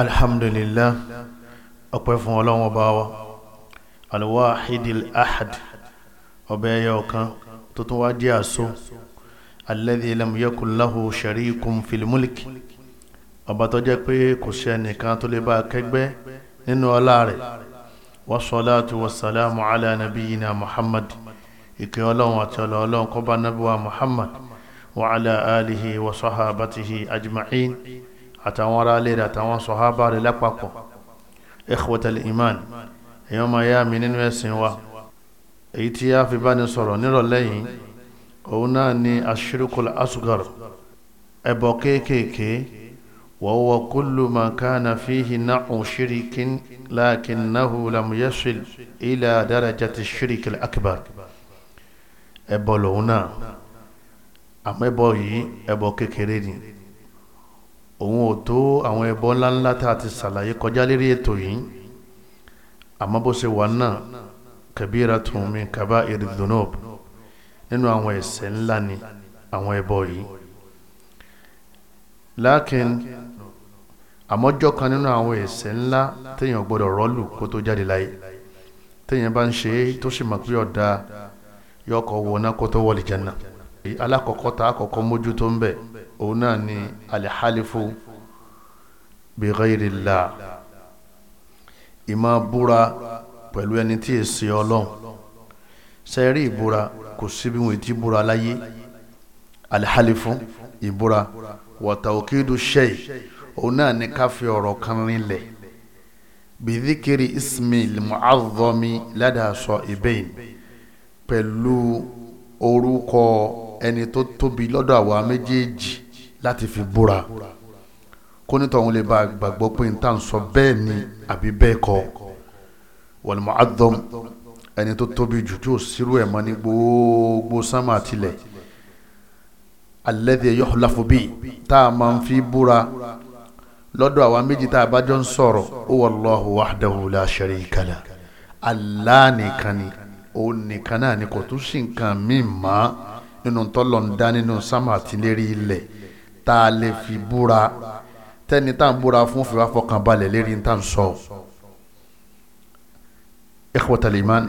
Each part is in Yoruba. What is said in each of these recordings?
alhamdulillah ọpẹ́ fún ọlọ́run ọba wa alwahidil ahad ọba ẹyẹ ọ̀kan tó tún wá jẹ́ àṣọ alladhi lam yakun lahu sharikun fil mulki ọba tó jẹ́ pé kò sí ẹnìkan tó lè bá kẹ́gbẹ́ nínú ọlá rẹ̀ wasalaatu wasalaamu ala nabiyina muhammad ìkẹ́ ọlọ́run àti ọlọ́run kó nabuwa muhammad wa ala alihi wa sahabatihi ajma'in àtàwọn ará ilé rẹ̀ àtàwọn sọ̀hábà rẹ̀ lápapọ̀ ikhwatal iman èèyàn máa yá mi nínú ẹ̀sìn wa èyí tí a fi bá ní sọ̀rọ̀ nírọ̀lẹ́ yìí òun náà ni ashirikul asghar ẹbọ kéékèèké wa huwa kullu ma kana fihi na'u shirikin lakinnahu lam yasil ila darajati shirikil akbar ẹbọ lòun náà àmọ́ ẹbọ yìí ẹbọ kékeré ni òun ò tó àwọn ẹbọ ńláńlá tá a ti ṣàlàyé kọjá lérí ètò yìí àmọ́ bó ṣe wà náà kabiratun min kaba'iri dhunub nínú àwọn ẹ̀ṣẹ̀ ńlá ni àwọn ẹbọ yìí lákin àmọ́jọ́ kan nínú àwọn ẹ̀ṣẹ̀ ńlá téèyàn gbọ́dọ̀ rọ́ọ̀lù kó tó jáde láyé téèyàn bá ń ṣe é tó sì mọ̀ pé ọ̀dà yọkọ̀ wọná kó tó wọlé jẹ́nà alákọ̀ọ́kọ́ ta àkọ́kọ́ mójútó ń bẹ̀ òun náà ni alihalifu bighayrila ìmọ̀ búra pẹ̀lú ẹni tí ì ṣe ọlọ́run sẹ́rí ìbúra kò síbi wọn ti búra láyé alihalifu ìbúra wàtàwókìdù sẹ́yì òun náà ni ká fi ọ̀rọ̀ kan rinlẹ̀ bìdíkiri ismi mu'azzami ládàsọ ìbẹ́yìn pẹ̀lú orúkọ ẹni tó tóbi lọ́dọ̀ àwa méjèèjì láti fi búra kó nítọ̀ òun lè ba gbàgbọ́ pé n ta n sọ bẹ́ẹ̀ ni àbí bẹ́ẹ̀ kọ́ wàlúmọ̀ adọ́m ẹni tó tóbi jù tí ò sírú ẹ̀ mọ́ ní gbogbo sánmà tilẹ̀ alladhi yuhlafu bi tá a máa fi búra lọ́dọ̀ àwa méjì tá a bá jọ ń sọ̀rọ̀ ó wallahu wahdahu la sharika la Allah nìkan ni òun nìkan náà ni kò tún sí nǹkan míì mọ́ nínú tọ́lọ̀ ń dá nínú sámà àtìlérí ilẹ̀ tá a lè fi búra tẹ́ni tá à ń búra fún fìwà fọkàn balẹ̀ lérí tá à ń sọ. ikhwatal iman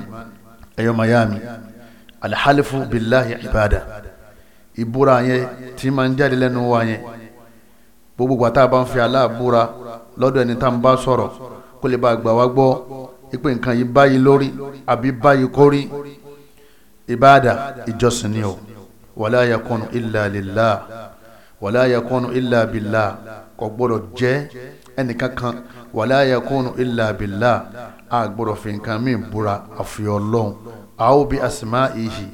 ẹ̀yọ́ mayami alihalifu bilahi ibada ìbúra yẹn tí máa ń jáde lẹ́nu wa yẹn gbogbo gbàtà bá ń fi aláàbúra lọ́dọ̀ ẹni tá à ń bá sọ̀rọ̀ kó lè bá a gbà wá gbọ́ ipe nǹkan yìí báyìí lórí àbí báyìí kórí ìbáàdà ìjọsìn ni o wala yakunu illa lillah wàlá yakunu illa billah kò gbọ́dọ̀ jẹ́ ẹnìkankan wàlá yakunu illa billah a gbọ́dọ̀ fi nǹkan mí búra àfi ọlọ́run àwọn bí asma'ihi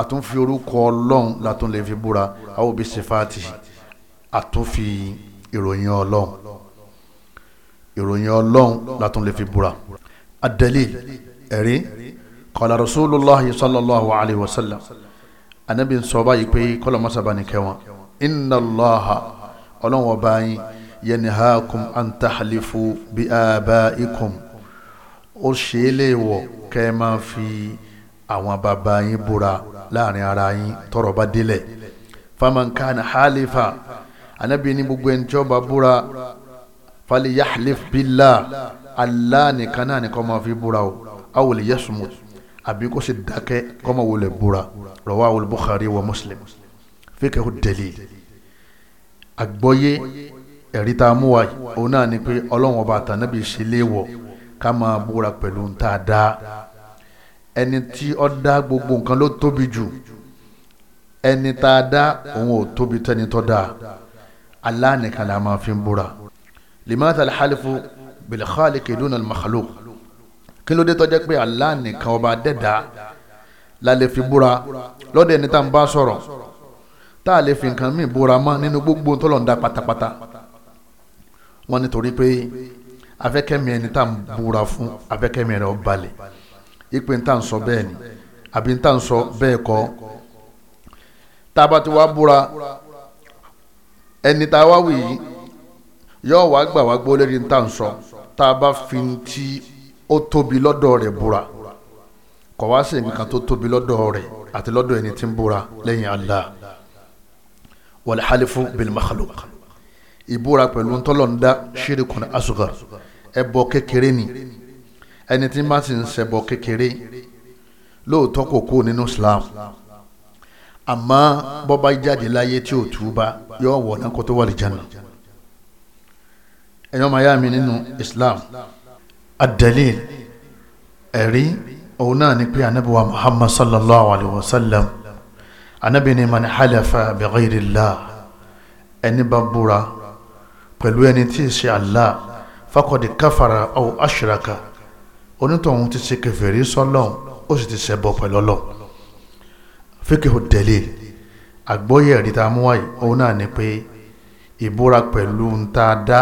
àtúnfi orúkọ ọlọ́run látún lè fi búra àwọn bí sifatihi àtúnfi ìròyìn ọlọ́run ìròyìn ọlọ́run látún lè fi búra. adalil ẹ̀rí kọ̀lá rasulullah sallallahu alayhi wa sallam anabi sọ báyìí pé kọ́lọ́ mọ́sàbá ni inna allaha ọlọ́run ọba yín yanihaakum an tahlifu bi abaikum ó ṣe é lè wọ̀ kẹ́ ẹ máa fi àwọn bàbá yín búra láàrin ara yín tọrọ bá délẹ̀ famankana halifa anabi ní gbogbo ẹni tí ó bá búra fali yahlif billah allah nìkan náà nìkan máa fi búra o awòlè yasumut àbí kó sì dákẹ́ kọ́mọ̀wòlè búra rawahu al-Bukhari wa Muslim fíkẹ́ ó dẹ̀lì àgbọ́yé ẹ̀rí tá a mú wa yìí òun náà ni pé ọlọ́run ọba àtànábì ṣe léèwọ̀ ká máa búra pẹ̀lú ń tá a dá ẹni tí ó dá gbogbo nǹkan ló tóbi jù ẹni tá a dá òun ò tóbi tẹ́ni tó dáa Allah la máa fi ń búra limata alhalifu bilkhaliki duna almakhluk kí ló dé tó pé Allah ọba dẹ́dá la fi búra lọ́dọ̀ ẹni tá n bá sọ̀rọ̀ tá a lè fi nǹkan míì bóra mọ́ nínú gbogbo tó lọ́n da pátápátá wọ́n nítorí pé afẹ́kẹ́mi ẹni tá à ń bóra fún afẹ́kẹ́mi ẹni ọ̀balẹ̀ ìpè ń tà ń sọ bẹ́ẹ̀ ni àbí ń tà ń sọ bẹ́ẹ̀ kọ́ tá a bá ti wá bóra ẹni tá a wá wì yìí yóò wá gbà wá gbọ́ lórí ń tà ń sọ tá a bá fi ti ó tóbi lọ́dọ̀ rẹ̀ bóra kọ̀ wá sí nǹkan tó tóbi lọ́dọ̀ rẹ̀ àti lọ́dọ̀ ẹni tí ń bóra lẹ́yìn Allah wàlẹ̀ halifu bilimakalo ìbúra pẹ̀lú ntọ́lọ́ndá ṣírìkùn asugar ẹbọ kékeré ni ẹni tí má sì ń ṣẹbọ kékeré lóòótọ́ kò kú nínú Islam àmọ́ bọ́bá jáde láyé tí ò túbá yóò wọ̀ náà kó tó wà lìjánà ẹ̀yọ́ máa yá mi nínú Islam ad-dalil ẹ̀rí òun náà ni anabiwa Muhammad sallallahu alayhi wa sallam anabi ni man halafa bi ghayri Allah ẹni bá búra pẹ̀lú ẹni tí ì ṣe Allah fakọ̀dì káfara aw ashraka onítọ̀hún ti ṣe kèfèrí sọ́lọ́n ó sì ti ṣẹbọ pẹ̀lú ọlọ́ fíkìhù dalil àgbọ́yé ẹ̀rí tá a mú wáyé òun náà ni pé ìbúra pẹ̀lú ń tá dá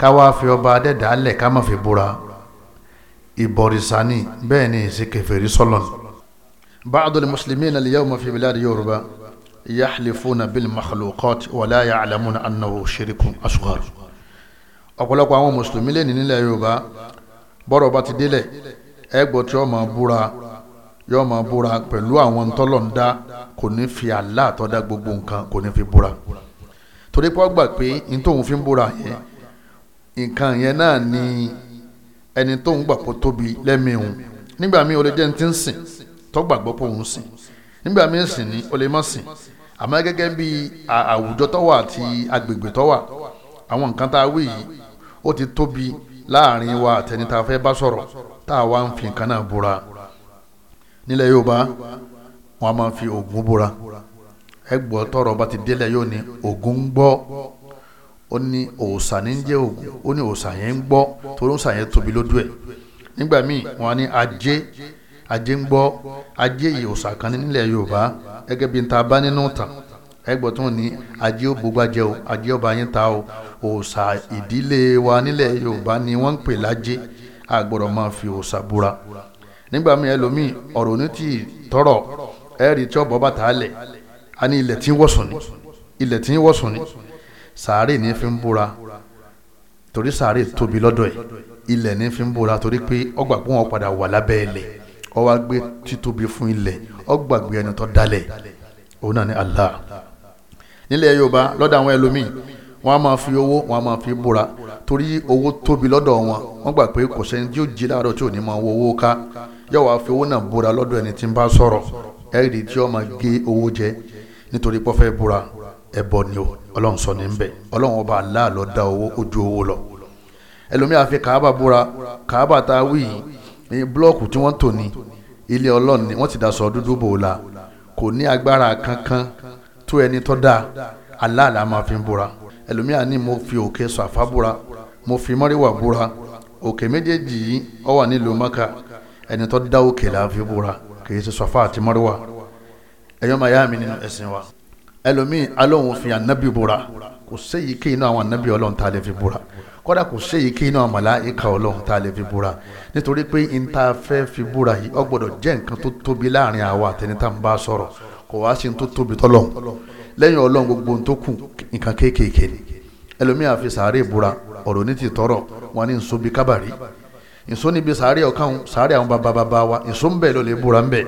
káwá fi ọba adẹ́dàálẹ̀ ká má fi búra ìbọ̀rìṣà bẹ́ẹ̀ ni ìṣe kèfèrí sọ́lọ́n بعض المسلمين اليوم في بلاد يوروبا يحلفون بالمخلوقات ولا يعلمون أنه شرك أصغر ọ̀pọ̀lọpọ̀ àwọn mùsùlùmí lè ní nílẹ̀ yorùbá bọ́rọ̀ bá ti délẹ̀ ẹgbọ́ tí yóò máa búra yóò máa búra pẹ̀lú àwọn tọ́lọ̀ǹda kò ní fi Allah tó dá gbogbo nǹkan kò ní fi búra torí pé ó gbà pé ní tóun fi ń búra yẹn nǹkan yẹn náà ni ẹni tóun gbà kó tóbi lẹ́mìí òun nígbà míì ó lè jẹ́ ní ti ń sìn tó gbàgbọ́ pé òun sìn nígbà míì sìn ni o lè má sìn àmọ́ gẹ́gẹ́ bí àwùjọ tó wà àti agbègbè tó wà àwọn nǹkan tá a wí yìí ó ti tóbi láàrin wa àtẹni tá a fẹ́ bá sọ̀rọ̀ tá a wá ń fi nǹkan náà búra nílẹ̀ Yorùbá wọn a máa fi Ògún búra ẹgbọ́ tọrọ bá ti délẹ̀ yóò ní Ògún ń gbọ́ ó ní òòṣà ní jẹ́ Ògún ó ní òòṣà yẹn ń gbọ́ torí òòṣà yẹn tóbi lójú ẹ̀ nígbà míì wọn á ní ajé ajé ń gbọ́ ajé yìí òòsà kan nílẹ̀ yorùbá gẹ́gẹ́ bí n ta bá nínú tàn ẹgbọ́n tó ní ajé ó gbogbo ajẹ́ o ajé ọba yín ta o òòsà ìdílé wa nílẹ̀ yorùbá ni wọ́n ń pè lájé àgbọ̀dọ̀ máa fi òòsà búra nígbà míì ẹlòmíì ọ̀rọ̀ ní tí tọrọ ẹ̀rí tí ọ̀bọ̀ ta lẹ̀ a ní ilẹ̀ tí ń wọ̀sùn ni ilẹ̀ tí ń wọ̀sùn ni sàárè ní fi ń búra torí sàárè tóbi lọ́dọ̀ ẹ̀ ilẹ̀ ní fi ń búra torí pé ọgbà pọ́n padà wà lábẹ́ ilẹ̀ ó wá gbé títóbi fún ilẹ̀ gbàgbé ẹni tó dalẹ̀ òun náà ni Allah nílẹ̀ Yorùbá lọ́dọ̀ àwọn ẹlòmíì wọ́n á máa fi owó wọ́n á máa fi búra torí owó tóbi lọ́dọ̀ wọn wọ́n gbà pé kò sẹ́ni tí ó jí láàárọ̀ tí ò ní máa wo owó ká yóò wá fi owó náà búra lọ́dọ̀ ẹni tí ń bá sọ̀rọ̀ ẹ̀rì tí ó máa gé owó jẹ nítorí búra ẹ̀bọ ni o ọlọ́run sọ ní ọlọ́run ọba aláàlọ́ da owó ojú owó lọ ẹlòmíà fi kàábà a wí yìí blọọkù tí wọ́n tò ní ilé ọlọ́run ni wọ́n ti daṣọ dúdú bò ó la kò ní agbára kankan tó ẹni tó dáa aláàlá máa fi ń búra ẹlòmíà ni mo fi òkè sàfà búra mo fi mọ́ríwà búra òkè méjèèjì yìí ó wà nílùú maka ẹni tó dá òkè là á fi bora, kì í ṣe sàfà àti mọ́ríwà ẹ̀yọ́ máa yá mi nínú ẹ̀sìn wa ẹlòmíì alóhùn fi ànábì búra kò séyìí kí inú àwọn ànábì ọlọ́run tá lè fi búra kódà kò ṣe yìí kí iná àmàlà ìka ọlọ́run tá a lè fi búra nítorí pé n ta fẹ́ fi búra yìí ó gbọ́dọ̀ jẹ́ nǹkan tó tóbi láàrin àwa àtẹni tá n bá sọ̀rọ̀ kò wá sí n tó tóbi tọ́lọ́run lẹ́yìn ọlọ́run gbogbo n tó kù nǹkan kéékèèké ni ẹlòmíà fi sàárè búra ọ̀rọ̀ ní ti tọrọ wọn ní nsobi kábàrí nso níbi sàárè ọ̀kan sàárè àwọn bàbá bàbá wa nso ń bẹ̀ ló lè búra ń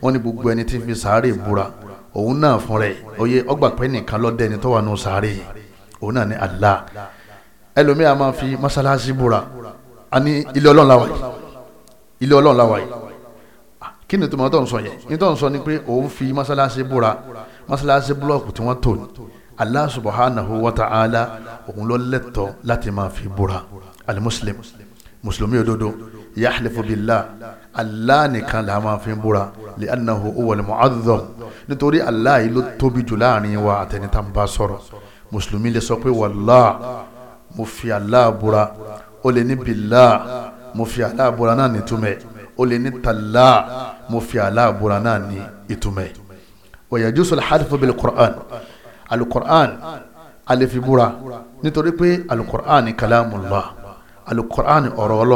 wọn ní gbogbo ẹni tí fi sàárè búra òun náà fún rẹ̀ òye ọgbà pẹ́ nìkan lọ́dẹ ẹni tó wà nù sàárè yìí òun náà ní Allah ẹlòmíà máa fi mọ́sálásí búra a ní ilé ọlọ́run láwàá yìí ilé ọlọ́run láwàá yìí ah, kí ni tòmọ́tò ń sọ yẹn ní tó ń sọ ni pé òun fi mọ́sálásí búra mọ́sálásí búlọ́ọ̀kù tí wọ́n tò ní Allah subhanahu wa ta'ala òun ló lẹ́tọ̀ọ́ láti máa fi búra alimuslim mùsùlùmí òdodo yahlifu billah Allah nìkan la máa fi búra li annahu huwal mu'azzam nítorí Allah yìí ló tóbi jù láàrin wa àtẹnitàn bá sọ̀rọ̀ lè sọ pé wàlláà mo fi Allah búra ó lè ní billah mo fi Allah búra náà ní túmẹ̀ ó lè ní tallah mo fi Allah búra náà ní ìtumẹ̀ wa yajuzu al-hadfu bil-Qur'an al-Qur'an a lè fi búra nítorí pé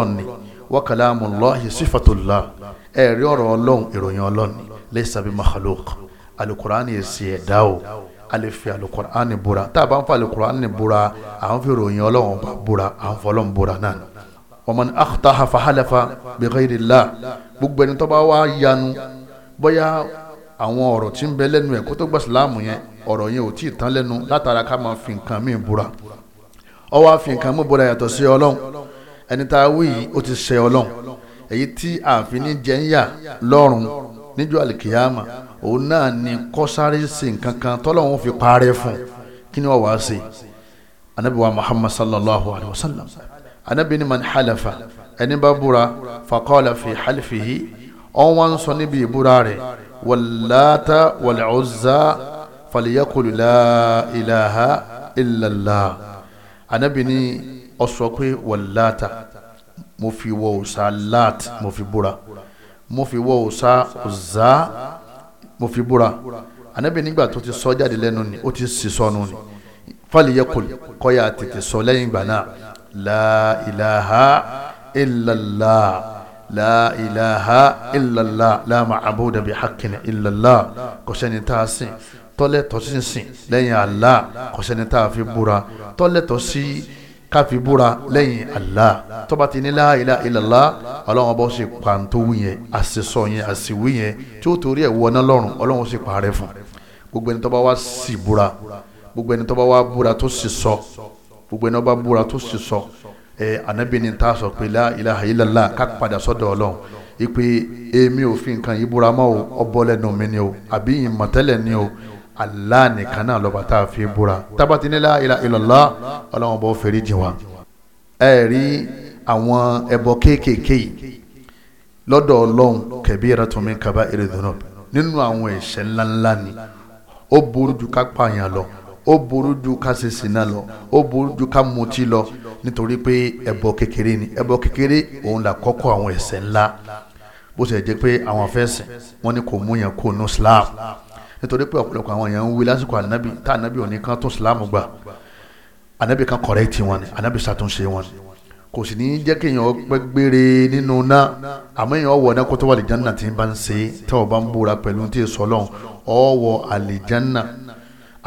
ni wa kalamullahi sifatullah ẹ̀rí ọ̀rọ̀ ìròyìn Ọlọ́run laysa bi makhluq al-Qur'an yẹ sí a lè fi alukur'ani búra tá a bá ń fa alukur'ani búra à ń fi ròyìn ọlọ́run bá búra à ń fọlọ́n búra náà ni wa man akhtaha fahalafa bi ghayri Allah gbogbo ẹni tó bá wá yanu bóyá àwọn ọ̀rọ̀ tí ń bẹ lẹ́nu ẹ̀ kó tó gba Ìsìlámù yẹn ọ̀rọ̀ yẹn ò tí ì tán lẹ́nu látara ká máa fi nǹkan míì búra ó wá fi nǹkan míì búra yàtọ̀ sí ọlọ́run ẹni tá a wí yìí ó ti ṣe ọlọ́run èyí tí àfin ní jẹ́ ń yà lọ́rùn níjọ́ àlìkìyàmà òun náà ni kọ́sárẹ́sì kankan tọ́lọ́hún fi parẹ́ fún kí ni wọ́n wá sí anabi wa muhammad sallallahu alayhi wa sallam anabi ni man halafa ẹni bá búra faqala fi halifihi ọ̀n wá ń sọ níbi ìbúra rẹ̀ wàláta wàlẹ́ọ̀zá faliyakulu la ilaha illallah anabi ni ó pé wàláta mo fi wọ òòṣà láàt mo fi búra mo fi wọ òòṣà òòṣà mo fi búra anabi nígbà tó ti sọ jáde lẹ́nu ni ó ti sì sọnù ni fali yakul kọ́ya tètè sọ lẹ́yìn ìgbà náà la ilaha illallah la ilaha illallah la ma'abuda bi haqqin illallah kò sẹ́ni tá a sìn tọ́lẹ̀ tó sìn lẹ́yìn Allah kò tá a fi búra tọ́lẹ̀ tó káfi búra lẹ́yìn Allah tó bá ti ní la ilaha illallah ọlọ́run ọba ó sì pàǹtó wù yẹn àṣìṣọ yẹn àṣìwí yẹn tí ó torí ẹ̀ wọná lọ́rùn ọlọ́run ó sì parẹ́ fún gbogbo ẹni tó bá wá sì búra gbogbo ẹni tó bá wá búra tó sì sọ gbogbo ẹni tó búra tó sì sọ ẹ anabi ni ta sọ pé la ilaha ká padà sọ́dọ̀ ọlọ́run ìpè èmi ò fi nǹkan mọ́ o ọbọ̀ lẹ́nu mi ni o àbí ìmọ̀tẹ́lẹ̀ ni o Allah nìkan náà lọ́ba tá a fi búra tábàtì ní la ilaha illallah ọlọ́wọ́n bọ́ fèrè jìn wá ẹ rí àwọn ẹbọ kéékèèké yìí lọ́dọ̀ ọlọ́run kabiratun min kaba'iri dhunub nínú àwọn ẹ̀ṣẹ̀ ńláńlá ni ó burú ju ká pààyàn lọ ó burú ju ká ṣe ṣìnà lọ ó burú ju ká mutí lọ nítorí pé ẹbọ kékeré ni ẹbọ kékeré òun là kọ́kọ́ àwọn ẹ̀ṣẹ̀ ńlá bó ṣe jẹ́ pé àwọn afẹ́sìn wọ́n ní kò mú yẹn kó nù Islam nítorí pé ọ̀pọ̀lọpọ̀ àwọn èèyàn ń wí lásìkò ànábì tá ànábì ò ní kán tún sílámù gbà ànábì kan kọ̀rẹ́ẹ̀tì wọn ni ànábì ṣàtúnṣe wọn kò sì ní jẹ́ kí èèyàn pẹ́ gbére nínú náà àmọ́ èèyàn wọ̀ náà kó tó wà àlìjánà tí ń bá ń ṣe tẹ́ ọ bá ń búra pẹ̀lú tí èso ọlọ́run ọ̀wọ̀ àlìjánà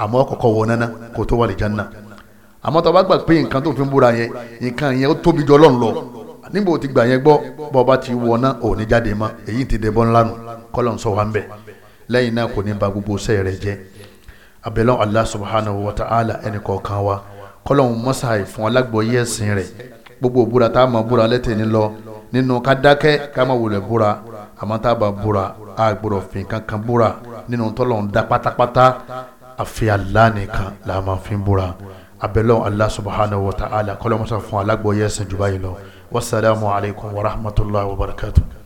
àmọ́ kọ̀kọ́ wọ náná kó tó wà àlìjánà àmọ́ tó bá gbà pé nǹkan tó fi ń búra yẹn nǹkan yẹn ó tóbi jọ ọlọ́run lọ níbo ti gbà yẹn gbọ́ bọ́ bá ti wọ náà ò ní jáde mọ́ èyí ti dẹ̀bọ́ ńlá nù kọ́lọ́n sọ wa ń bẹ̀ lẹ́yìn náà kò ní ba gbogbo sẹ́ẹ̀ rẹ̀ jẹ́ abẹ́lẹ́ Allah subhanahu wa ta'ala ẹnì kọ̀ọ̀kan wa kọ́lọ́hún mọ́sáì fún alágbọ̀ọ́yé ẹ̀sìn rẹ̀ gbogbo òbúra tá a máa búra lẹ́tẹ̀ ní lọ nínú ká dákẹ́ ká máa wulẹ̀ búra àmọ́ tá a bá búra a gbọ́dọ̀ fi nǹkan búra nínú tọ́lọ́hún dá pátápátá àfi Allah nìkan là máa fi búra abẹ́lẹ́ Allah subhanahu wa ta'ala kọ́lọ́hún mọ́sáì fún alágbọ̀ọ́yé ẹ̀sìn jù báyìí lọ wasalaamualeykum wa rahmatulahi wa barakatuh.